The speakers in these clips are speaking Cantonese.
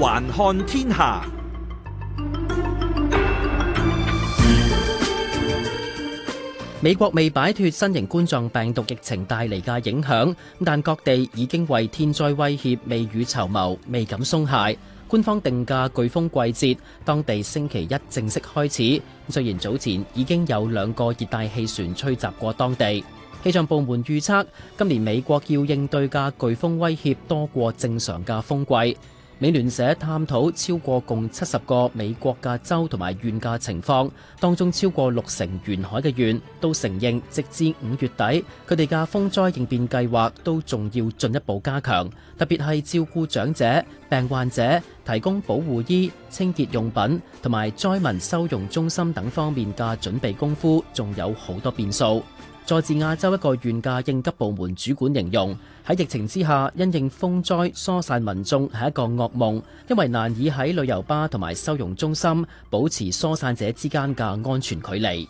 環看天下。美國未擺脫新型冠狀病毒疫情帶嚟嘅影響，但各地已經為天災威脅未雨綢繆，未敢鬆懈。官方定嘅颶風季節，當地星期一正式開始。雖然早前已經有兩個熱帶氣旋吹襲過當地，氣象部門預測今年美國要應對嘅颶風威脅多過正常嘅風季。美聯社探討超過共七十個美國嘅州同埋縣嘅情況，當中超過六成沿海嘅縣都承認，直至五月底佢哋嘅風災應變計劃都仲要進一步加強，特別係照顧長者、病患者、提供保護衣、清潔用品同埋災民收容中心等方面嘅準備功夫，仲有好多變數。佐治亞州一個縣嘅應急部門主管形容，喺疫情之下，因應風災疏散民眾係一個噩夢，因為難以喺旅遊巴同埋收容中心保持疏散者之間嘅安全距離。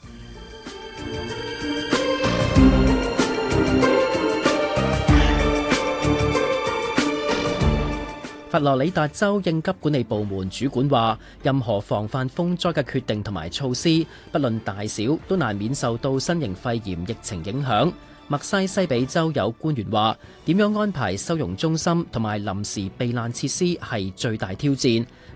佛羅里達州應急管理部門主管話：任何防範風災嘅決定同埋措施，不論大小，都難免受到新型肺炎疫情影響。墨西西比州有官員話：點樣安排收容中心同埋臨時避難設施係最大挑戰。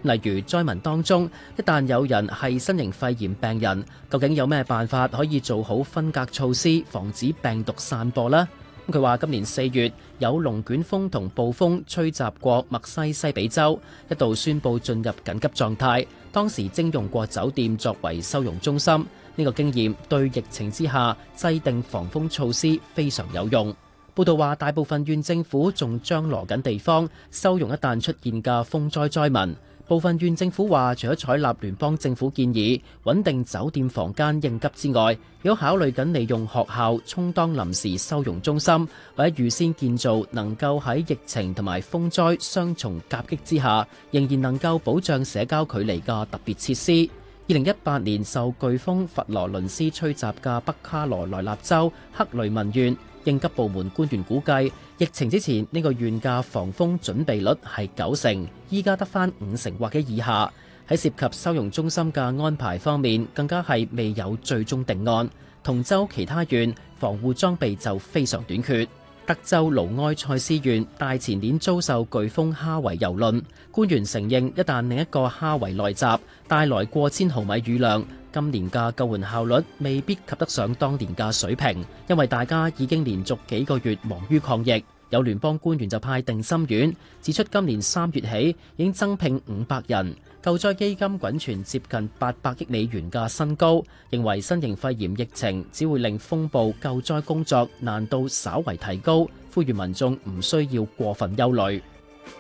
例如，災民當中一旦有人係新型肺炎病人，究竟有咩辦法可以做好分隔措施，防止病毒散播呢？佢話：今年四月有龍捲風同暴風吹襲過墨西西比州，一度宣布進入緊急狀態。當時徵用過酒店作為收容中心，呢個經驗對疫情之下制定防風措施非常有用。報道話，大部分縣政府仲張羅緊地方收容一旦出現嘅風災災民。部分縣政府話，除咗採納聯邦政府建議穩定酒店房間應急之外，有考慮緊利用學校充當臨時收容中心，或者預先建造能夠喺疫情同埋風災雙重夾擊之下，仍然能夠保障社交距離嘅特別設施。二零一八年受颶風佛羅倫斯吹襲嘅北卡羅來納州克雷文縣。應急部門官員估計，疫情之前呢、這個縣嘅防風準備率係九成，依家得翻五成或者以下。喺涉及收容中心嘅安排方面，更加係未有最終定案。同州其他縣防護裝備就非常短缺。德州盧埃塞斯縣大前年遭受颶風哈維蹂躪，官員承認一旦另一個哈維來襲，帶來過千毫米雨量。今年嘅救援效率未必及得上當年嘅水平，因為大家已經連續幾個月忙於抗疫。有聯邦官員就派定心丸，指出今年三月起已經增聘五百人。救災基金滾存接近八百億美元嘅新高，認為新型肺炎疫情只會令風暴救災工作難度稍為提高，呼籲民眾唔需要過分憂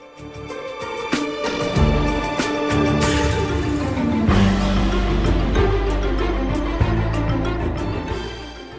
慮。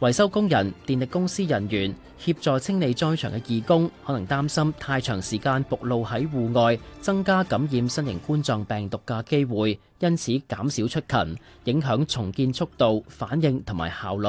維修工人、電力公司人員協助清理災場嘅義工，可能擔心太長時間暴露喺戶外，增加感染新型冠狀病毒嘅機會，因此減少出勤，影響重建速度、反應同埋效率。